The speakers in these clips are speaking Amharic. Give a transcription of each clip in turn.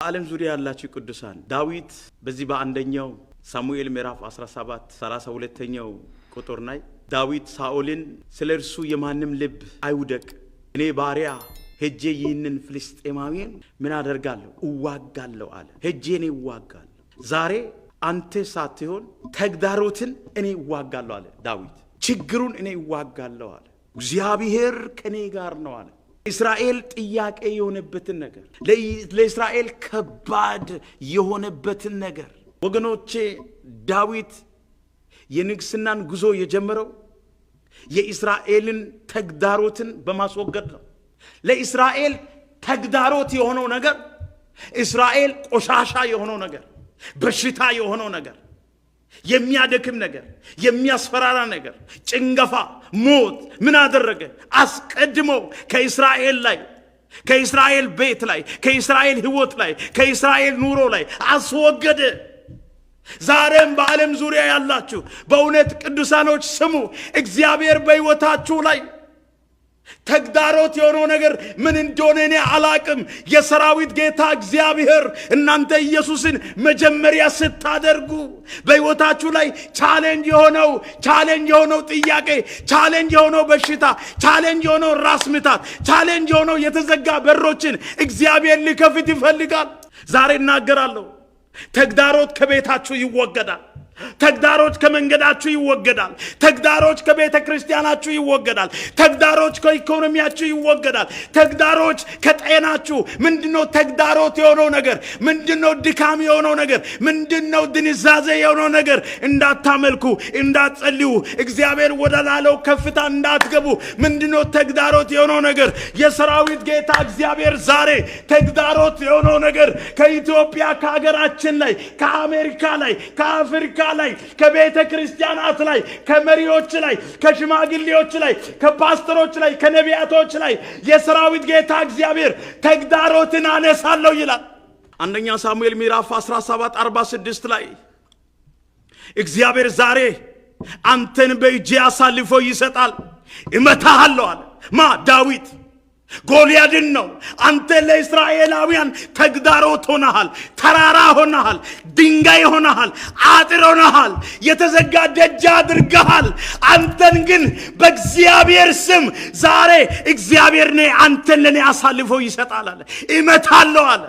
በዓለም ዙሪያ ያላችሁ ቅዱሳን ዳዊት በዚህ በአንደኛው ሳሙኤል ምዕራፍ 17 32ኛው ቁጥር ላይ ዳዊት ሳኦልን ስለ እርሱ የማንም ልብ አይውደቅ፣ እኔ ባሪያ ሄጄ ይህንን ፍልስጤማዊን ምን አደርጋለሁ? እዋጋለሁ አለ። ሄጄ እኔ እዋጋለሁ። ዛሬ አንተ ሳትሆን ተግዳሮትን እኔ እዋጋለሁ አለ ዳዊት። ችግሩን እኔ ይዋጋለሁ አለ። እግዚአብሔር ከእኔ ጋር ነው አለ። እስራኤል ጥያቄ የሆነበትን ነገር ለእስራኤል ከባድ የሆነበትን ነገር ወገኖቼ ዳዊት የንግስናን ጉዞ የጀመረው የእስራኤልን ተግዳሮትን በማስወገድ ነው። ለእስራኤል ተግዳሮት የሆነው ነገር፣ እስራኤል ቆሻሻ የሆነው ነገር፣ በሽታ የሆነው ነገር የሚያደክም ነገር፣ የሚያስፈራራ ነገር፣ ጭንገፋ፣ ሞት ምን አደረገ? አስቀድሞ ከእስራኤል ላይ ከእስራኤል ቤት ላይ ከእስራኤል ሕይወት ላይ ከእስራኤል ኑሮ ላይ አስወገደ። ዛሬም በዓለም ዙሪያ ያላችሁ በእውነት ቅዱሳኖች ስሙ፣ እግዚአብሔር በሕይወታችሁ ላይ ተግዳሮት የሆነው ነገር ምን እንደሆነ እኔ አላቅም። የሰራዊት ጌታ እግዚአብሔር እናንተ ኢየሱስን መጀመሪያ ስታደርጉ በሕይወታችሁ ላይ ቻሌንጅ የሆነው ቻሌንጅ የሆነው ጥያቄ፣ ቻሌንጅ የሆነው በሽታ፣ ቻሌንጅ የሆነው ራስ ምታት፣ ቻሌንጅ የሆነው የተዘጋ በሮችን እግዚአብሔር ሊከፍት ይፈልጋል። ዛሬ እናገራለሁ። ተግዳሮት ከቤታችሁ ይወገዳል። ተግዳሮች ከመንገዳችሁ ይወገዳል። ተግዳሮች ከቤተ ክርስቲያናችሁ ይወገዳል። ተግዳሮች ከኢኮኖሚያችሁ ይወገዳል። ተግዳሮች ከጤናችሁ። ምንድነው ተግዳሮት የሆነው ነገር? ምንድነው ድካም የሆነው ነገር? ምንድነው ድንዛዜ የሆነው ነገር? እንዳታመልኩ፣ እንዳትጸልዩ፣ እግዚአብሔር ወደላለው ከፍታ እንዳትገቡ ምንድነው ተግዳሮት የሆነው ነገር? የሰራዊት ጌታ እግዚአብሔር ዛሬ ተግዳሮት የሆነው ነገር ከኢትዮጵያ ከሀገራችን ላይ ከአሜሪካ ላይ ከአፍሪካ ላይ ከቤተ ክርስቲያናት ላይ ከመሪዎች ላይ ከሽማግሌዎች ላይ ከፓስተሮች ላይ ከነቢያቶች ላይ የሰራዊት ጌታ እግዚአብሔር ተግዳሮትን አነሳለሁ ይላል። አንደኛ ሳሙኤል ምዕራፍ 17 46 ላይ እግዚአብሔር ዛሬ አንተን በእጄ አሳልፎ ይሰጣል፣ እመታሃለሁ አለ ማ ዳዊት ጎልያድን ነው። አንተ ለእስራኤላውያን ተግዳሮት ሆነሃል፣ ተራራ ሆነሃል፣ ድንጋይ ሆነሃል፣ አጥር ሆነሃል፣ የተዘጋ ደጅ አድርገሃል። አንተን ግን በእግዚአብሔር ስም ዛሬ እግዚአብሔር ነ አንተን ለእኔ አሳልፎ ይሰጣል አለ። እመታለሁ አለ።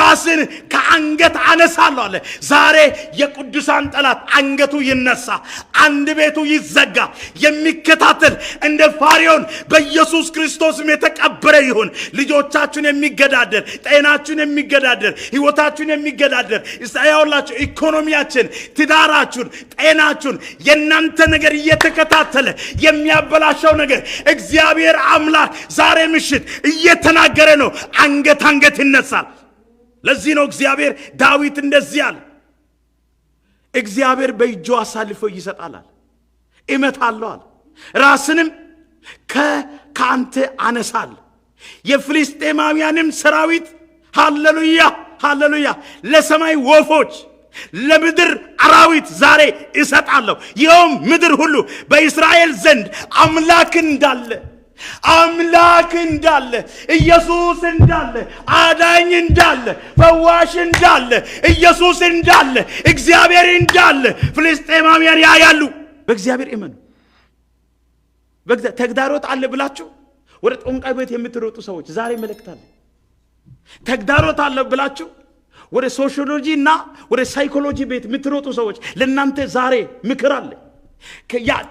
ራስን ከአንገት አነሳለሁ አለ። ዛሬ የቅዱሳን ጠላት አንገቱ ይነሳ፣ አንድ ቤቱ ይዘጋ። የሚከታተል እንደ ፋሪዮን በኢየሱስ ክርስቶስም የተቀበ የተከበረ ይሁን። ልጆቻችሁን የሚገዳደር ጤናችሁን የሚገዳደር ህይወታችሁን የሚገዳደር ያውላችሁ፣ ኢኮኖሚያችን፣ ትዳራችሁን፣ ጤናችሁን የእናንተ ነገር እየተከታተለ የሚያበላሸው ነገር እግዚአብሔር አምላክ ዛሬ ምሽት እየተናገረ ነው። አንገት አንገት ይነሳል። ለዚህ ነው እግዚአብሔር ዳዊት እንደዚህ አለ፣ እግዚአብሔር በእጁ አሳልፎ ይሰጣላል፣ እመታለሁ አለ ራስንም ከአንተ አነሳል የፍልስጤማውያንም ሰራዊት ሃሌሉያ ሃሌሉያ ለሰማይ ወፎች ለምድር አራዊት ዛሬ እሰጣለሁ። ይኸውም ምድር ሁሉ በእስራኤል ዘንድ አምላክ እንዳለ አምላክ እንዳለ ኢየሱስ እንዳለ አዳኝ እንዳለ ፈዋሽ እንዳለ ኢየሱስ እንዳለ እግዚአብሔር እንዳለ ፍልስጤማውያን ያያሉ። በእግዚአብሔር እመኑ። ተግዳሮት አለ ብላችሁ ወደ ጠንቋይ ቤት የምትሮጡ ሰዎች ዛሬ መልእክት ተግዳሮት አለ ብላችሁ ወደ ሶሺዮሎጂ እና ወደ ሳይኮሎጂ ቤት የምትሮጡ ሰዎች ለእናንተ ዛሬ ምክር አለ።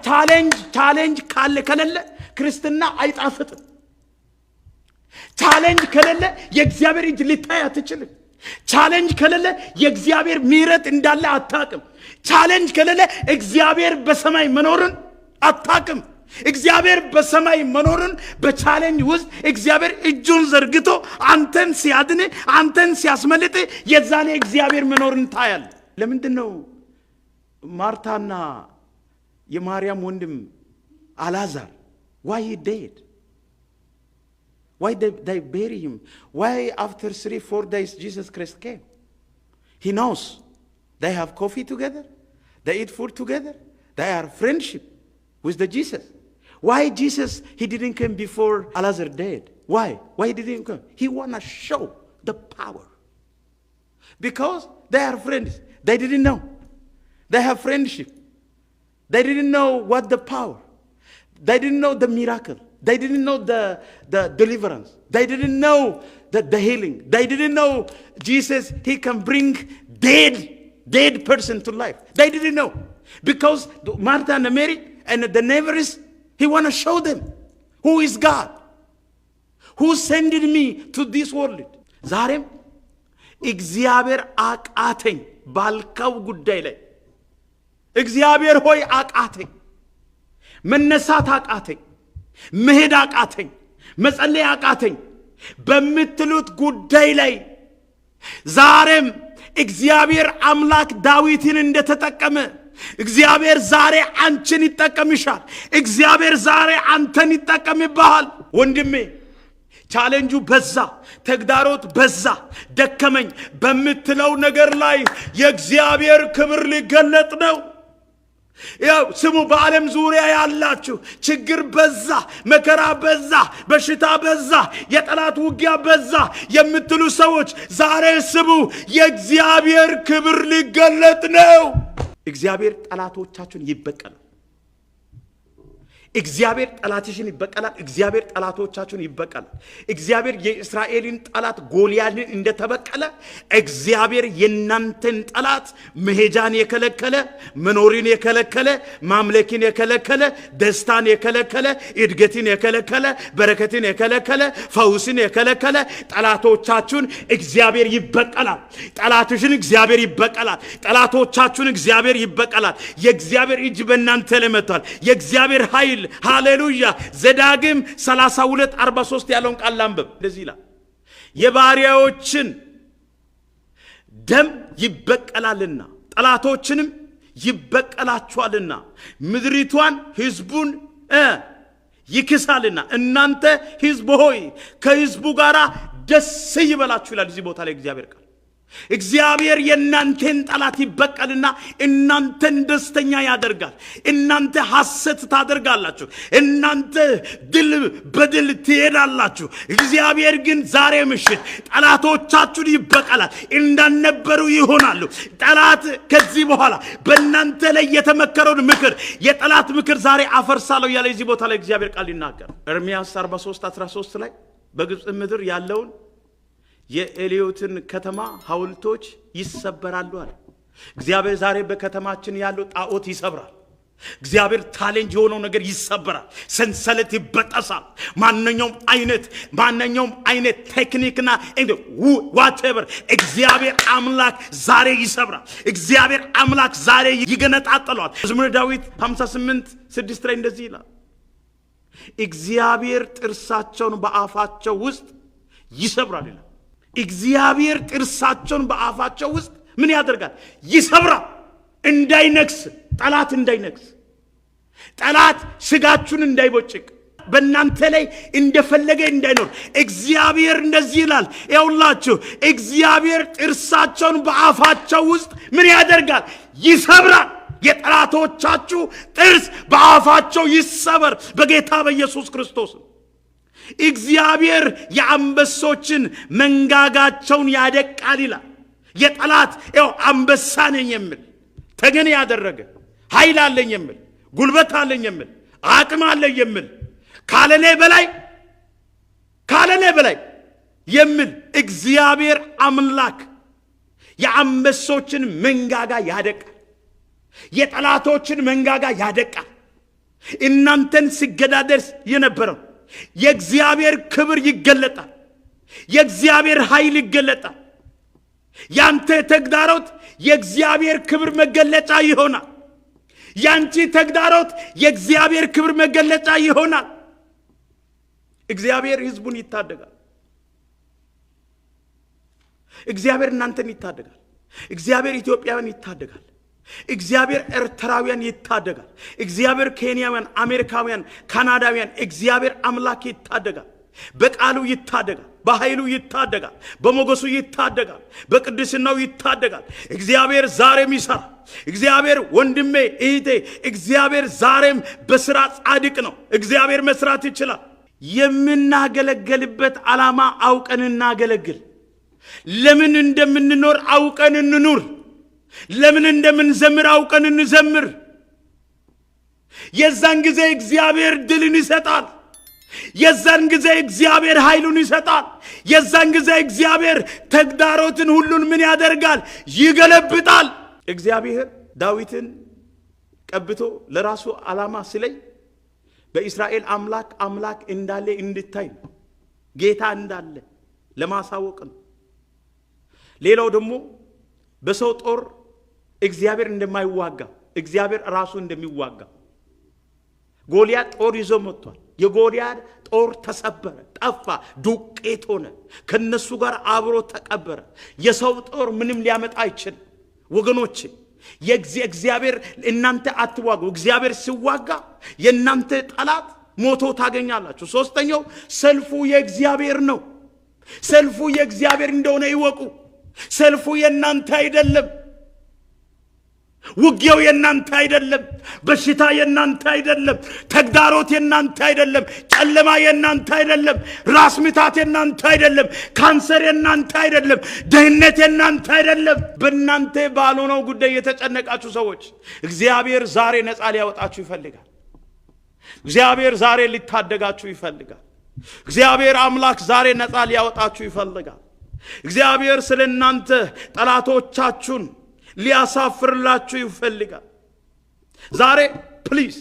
ቻሌንጅ ቻሌንጅ ካለ ከሌለ ክርስትና አይጣፍጥም። ቻሌንጅ ከሌለ የእግዚአብሔር እጅ ልታይ አትችልም። ቻሌንጅ ከሌለ የእግዚአብሔር ምሕረት እንዳለ አታቅም። ቻሌንጅ ከሌለ እግዚአብሔር በሰማይ መኖርን አታቅም። እግዚአብሔር በሰማይ መኖርን በቻሌንጅ ውስጥ እግዚአብሔር እጁን ዘርግቶ አንተን ሲያድን አንተን ሲያስመልጥ የዛኔ እግዚአብሔር መኖርን ታያል። ለምንድን ነው ማርታና የማርያም ወንድም አልዓዛር ዋይ ደይድ ዋይ ዳይ ቤሪ ሂም ዋይ አፍተር ስሪ ፎር ዳይስ ጂሰስ ክሪስት ኬም ሂ ኖውስ ዳይ ሃቭ ኮፊ ቱጌዘር ዳይ ኢት ፉድ ቱጌዘር ዳይ አር ፍሬንድሽፕ ዊዝ ደ ጂሰስ why Jesus, he didn't come before Lazarus dead? died? Why? Why didn't he come? He want to show the power. Because they are friends. They didn't know. They have friendship. They didn't know what the power. They didn't know the miracle. They didn't know the, the deliverance. They didn't know the, the healing. They didn't know Jesus, he can bring dead, dead person to life. They didn't know. Because Martha and Mary and the neighbors, He want to show them who is God, who sended me to this world. ዛሬም እግዚአብሔር አቃተኝ ባልከው ጉዳይ ላይ እግዚአብሔር ሆይ አቃተኝ፣ መነሳት አቃተኝ፣ መሄድ አቃተኝ፣ መጸለይ አቃተኝ በምትሉት ጉዳይ ላይ ዛሬም እግዚአብሔር አምላክ ዳዊትን እንደተጠቀመ እግዚአብሔር ዛሬ አንቺን ይጠቀምሻል። እግዚአብሔር ዛሬ አንተን ይጠቀምብሃል ወንድሜ። ቻሌንጁ በዛ፣ ተግዳሮት በዛ፣ ደከመኝ በምትለው ነገር ላይ የእግዚአብሔር ክብር ሊገለጥ ነው። ያው ስሙ፣ በዓለም ዙሪያ ያላችሁ ችግር በዛ፣ መከራ በዛ፣ በሽታ በዛ፣ የጠላት ውጊያ በዛ የምትሉ ሰዎች ዛሬ ስሙ፣ የእግዚአብሔር ክብር ሊገለጥ ነው። እግዚአብሔር ጠላቶቻችሁን ይበቀላል። እግዚአብሔር ጠላትሽን ይበቀላል። እግዚአብሔር ጠላቶቻችሁን ይበቀላል። እግዚአብሔር የእስራኤልን ጠላት ጎልያድን እንደተበቀለ እግዚአብሔር የእናንተን ጠላት መሄጃን የከለከለ መኖሪን የከለከለ ማምለኪን የከለከለ ደስታን የከለከለ እድገትን የከለከለ በረከትን የከለከለ ፈውስን የከለከለ ጠላቶቻችሁን እግዚአብሔር ይበቀላል። ጠላትሽን እግዚአብሔር ይበቀላል። ጠላቶቻችሁን እግዚአብሔር ይበቀላል። የእግዚአብሔር እጅ በእናንተ ላይ መጥቷል። የእግዚአብሔር ኃይል ይል። ሃሌሉያ። ዘዳግም 32 43 ያለውን ቃል ላንብብ። እንደዚህ ይላል የባሪያዎችን ደም ይበቀላልና ጠላቶችንም ይበቀላችኋልና ምድሪቷን ህዝቡን ይክሳልና እናንተ ህዝብ ሆይ ከህዝቡ ጋር ደስ ይበላችሁ ይላል። እዚህ ቦታ ላይ እግዚአብሔር ቃል እግዚአብሔር የእናንተን ጠላት ይበቀልና እናንተን ደስተኛ ያደርጋል። እናንተ ሐሰት ታደርጋላችሁ። እናንተ ድል በድል ትሄዳላችሁ። እግዚአብሔር ግን ዛሬ ምሽት ጠላቶቻችሁን ይበቀላል፣ እንዳልነበሩ ይሆናሉ። ጠላት ከዚህ በኋላ በእናንተ ላይ የተመከረውን ምክር፣ የጠላት ምክር ዛሬ አፈርሳለሁ ያለ እዚህ ቦታ ላይ እግዚአብሔር ቃል ይናገር ኤርምያስ 43 13 ላይ በግብፅ ምድር ያለውን የኤልዮትን ከተማ ሐውልቶች ይሰበራሉ አለ። እግዚአብሔር ዛሬ በከተማችን ያለው ጣዖት ይሰብራል። እግዚአብሔር ታሌንጅ የሆነው ነገር ይሰበራል። ሰንሰለት ይበጠሳል። ማንኛውም አይነት ማንኛውም አይነት ቴክኒክና ዋቴቨር እግዚአብሔር አምላክ ዛሬ ይሰብራል። እግዚአብሔር አምላክ ዛሬ ይገነጣጥለዋል። መዝሙረ ዳዊት 58 6 ላይ እንደዚህ ይላል፣ እግዚአብሔር ጥርሳቸውን በአፋቸው ውስጥ ይሰብራል ይላል። እግዚአብሔር ጥርሳቸውን በአፋቸው ውስጥ ምን ያደርጋል? ይሰብራ እንዳይነክስ ጠላት እንዳይነክስ ጠላት ስጋችሁን እንዳይቦጭቅ በእናንተ ላይ እንደፈለገ እንዳይኖር እግዚአብሔር እንደዚህ ይላል። ያውላችሁ እግዚአብሔር ጥርሳቸውን በአፋቸው ውስጥ ምን ያደርጋል? ይሰብራል። የጠላቶቻችሁ ጥርስ በአፋቸው ይሰበር በጌታ በኢየሱስ ክርስቶስ እግዚአብሔር የአንበሶችን መንጋጋቸውን ያደቃል ይላል። የጠላት ው አንበሳ ነኝ የሚል ተገን ያደረገ ኃይል አለኝ የሚል ጉልበት አለኝ የሚል አቅም አለኝ የሚል ካለኔ በላይ ካለኔ በላይ የሚል እግዚአብሔር አምላክ የአንበሶችን መንጋጋ ያደቃል። የጠላቶችን መንጋጋ ያደቃል። እናንተን ሲገዳደር የነበረው የእግዚአብሔር ክብር ይገለጣል። የእግዚአብሔር ኃይል ይገለጣል። ያንተ ተግዳሮት የእግዚአብሔር ክብር መገለጫ ይሆናል። ያንቺ ተግዳሮት የእግዚአብሔር ክብር መገለጫ ይሆናል። እግዚአብሔር ሕዝቡን ይታደጋል። እግዚአብሔር እናንተን ይታደጋል። እግዚአብሔር ኢትዮጵያን ይታደጋል። እግዚአብሔር ኤርትራውያን ይታደጋል። እግዚአብሔር ኬንያውያን፣ አሜሪካውያን፣ ካናዳውያን እግዚአብሔር አምላክ ይታደጋል። በቃሉ ይታደጋል። በኃይሉ ይታደጋል። በሞገሱ ይታደጋል። በቅድስናው ይታደጋል። እግዚአብሔር ዛሬም ይሰራል። እግዚአብሔር ወንድሜ እህቴ፣ እግዚአብሔር ዛሬም በስራ ጻድቅ ነው። እግዚአብሔር መስራት ይችላል። የምናገለገልበት ዓላማ አውቀን እናገለግል። ለምን እንደምንኖር አውቀን እንኑር። ለምን እንደምንዘምር አውቀን እንዘምር። የዛን ጊዜ እግዚአብሔር ድልን ይሰጣል። የዛን ጊዜ እግዚአብሔር ኃይሉን ይሰጣል። የዛን ጊዜ እግዚአብሔር ተግዳሮትን ሁሉን ምን ያደርጋል? ይገለብጣል። እግዚአብሔር ዳዊትን ቀብቶ ለራሱ ዓላማ ስለይ በእስራኤል አምላክ አምላክ እንዳለ እንድታይ ነው። ጌታ እንዳለ ለማሳወቅ ነው። ሌላው ደግሞ በሰው ጦር እግዚአብሔር እንደማይዋጋ እግዚአብሔር ራሱ እንደሚዋጋ ጎልያድ ጦር ይዞ መጥቷል። የጎልያድ ጦር ተሰበረ፣ ጠፋ፣ ዱቄት ሆነ፣ ከነሱ ጋር አብሮ ተቀበረ። የሰው ጦር ምንም ሊያመጣ አይችልም ወገኖች። የእግዚአብሔር እናንተ አትዋጉ። እግዚአብሔር ሲዋጋ የእናንተ ጠላት ሞቶ ታገኛላችሁ። ሶስተኛው ሰልፉ የእግዚአብሔር ነው። ሰልፉ የእግዚአብሔር እንደሆነ ይወቁ። ሰልፉ የእናንተ አይደለም። ውጊያው የእናንተ አይደለም። በሽታ የእናንተ አይደለም። ተግዳሮት የእናንተ አይደለም። ጨለማ የእናንተ አይደለም። ራስ ምታት የእናንተ አይደለም። ካንሰር የእናንተ አይደለም። ድህነት የእናንተ አይደለም። በእናንተ ባልሆነው ጉዳይ የተጨነቃችሁ ሰዎች እግዚአብሔር ዛሬ ነፃ ሊያወጣችሁ ይፈልጋል። እግዚአብሔር ዛሬ ሊታደጋችሁ ይፈልጋል። እግዚአብሔር አምላክ ዛሬ ነፃ ሊያወጣችሁ ይፈልጋል። እግዚአብሔር ስለ እናንተ ጠላቶቻችሁን ሊያሳፍርላችሁ ይፈልጋል። ዛሬ ፕሊዝ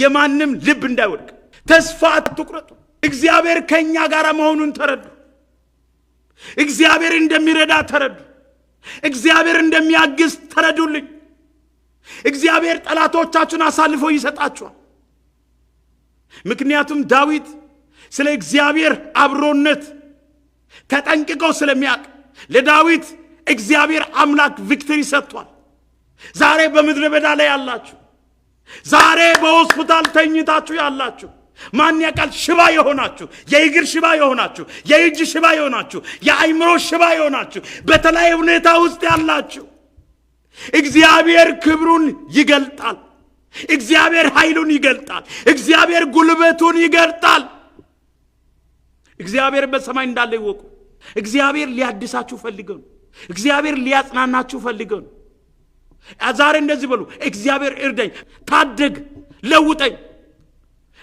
የማንም ልብ እንዳይወድቅ ተስፋ አትቁረጡ። እግዚአብሔር ከእኛ ጋር መሆኑን ተረዱ። እግዚአብሔር እንደሚረዳ ተረዱ። እግዚአብሔር እንደሚያግዝ ተረዱልኝ። እግዚአብሔር ጠላቶቻችሁን አሳልፎ ይሰጣችኋል። ምክንያቱም ዳዊት ስለ እግዚአብሔር አብሮነት ተጠንቅቀው ስለሚያውቅ ለዳዊት እግዚአብሔር አምላክ ቪክትሪ ሰጥቷል። ዛሬ በምድረ በዳ ላይ ያላችሁ፣ ዛሬ በሆስፒታል ተኝታችሁ ያላችሁ ማን ያውቃል? ሽባ የሆናችሁ የእግር ሽባ የሆናችሁ የእጅ ሽባ የሆናችሁ የአይምሮ ሽባ የሆናችሁ በተለያየ ሁኔታ ውስጥ ያላችሁ እግዚአብሔር ክብሩን ይገልጣል። እግዚአብሔር ኃይሉን ይገልጣል። እግዚአብሔር ጉልበቱን ይገልጣል። እግዚአብሔር በሰማይ እንዳለ ይወቁ። እግዚአብሔር ሊያድሳችሁ ፈልገው ነው። እግዚአብሔር ሊያጽናናችሁ ፈልገው ነው። ዛሬ እንደዚህ በሉ፣ እግዚአብሔር እርደኝ ታደግ፣ ለውጠኝ፣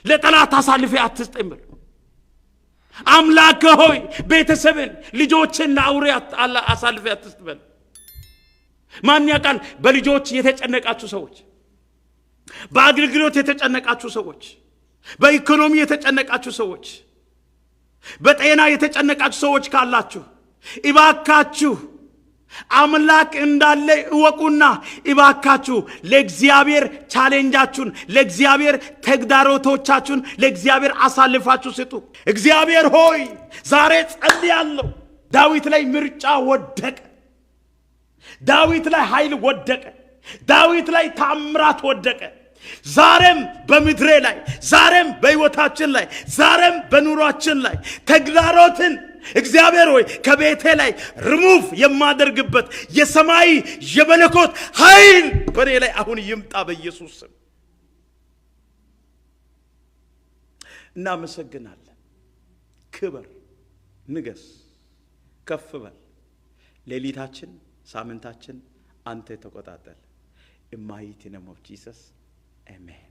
ለጠላት አሳልፌ አትስጠኝ በሉ። አምላክ ሆይ ቤተሰብን፣ ልጆችና አውሬ አሳልፌ አትስጥ በሉ። ማን ያውቃል? በልጆች የተጨነቃችሁ ሰዎች፣ በአገልግሎት የተጨነቃችሁ ሰዎች፣ በኢኮኖሚ የተጨነቃችሁ ሰዎች በጤና የተጨነቃችሁ ሰዎች ካላችሁ እባካችሁ አምላክ እንዳለ እወቁና እባካችሁ ለእግዚአብሔር ቻሌንጃችሁን፣ ለእግዚአብሔር ተግዳሮቶቻችሁን ለእግዚአብሔር አሳልፋችሁ ስጡ። እግዚአብሔር ሆይ ዛሬ ጸልያለሁ። ዳዊት ላይ ምርጫ ወደቀ። ዳዊት ላይ ኃይል ወደቀ። ዳዊት ላይ ታምራት ወደቀ። ዛሬም በምድሬ ላይ ዛሬም በሕይወታችን ላይ ዛሬም በኑሯችን ላይ ተግዳሮትን እግዚአብሔር ሆይ ከቤቴ ላይ ርሙፍ የማደርግበት የሰማይ የመለኮት ኃይል በእኔ ላይ አሁን ይምጣ በኢየሱስ ስም። እናመሰግናለን። ክበር፣ ንገስ፣ ከፍ በል። ሌሊታችን፣ ሳምንታችን አንተ ተቆጣጠል። ኢን ማይቲ ኦፍ ጂሰስ Amen.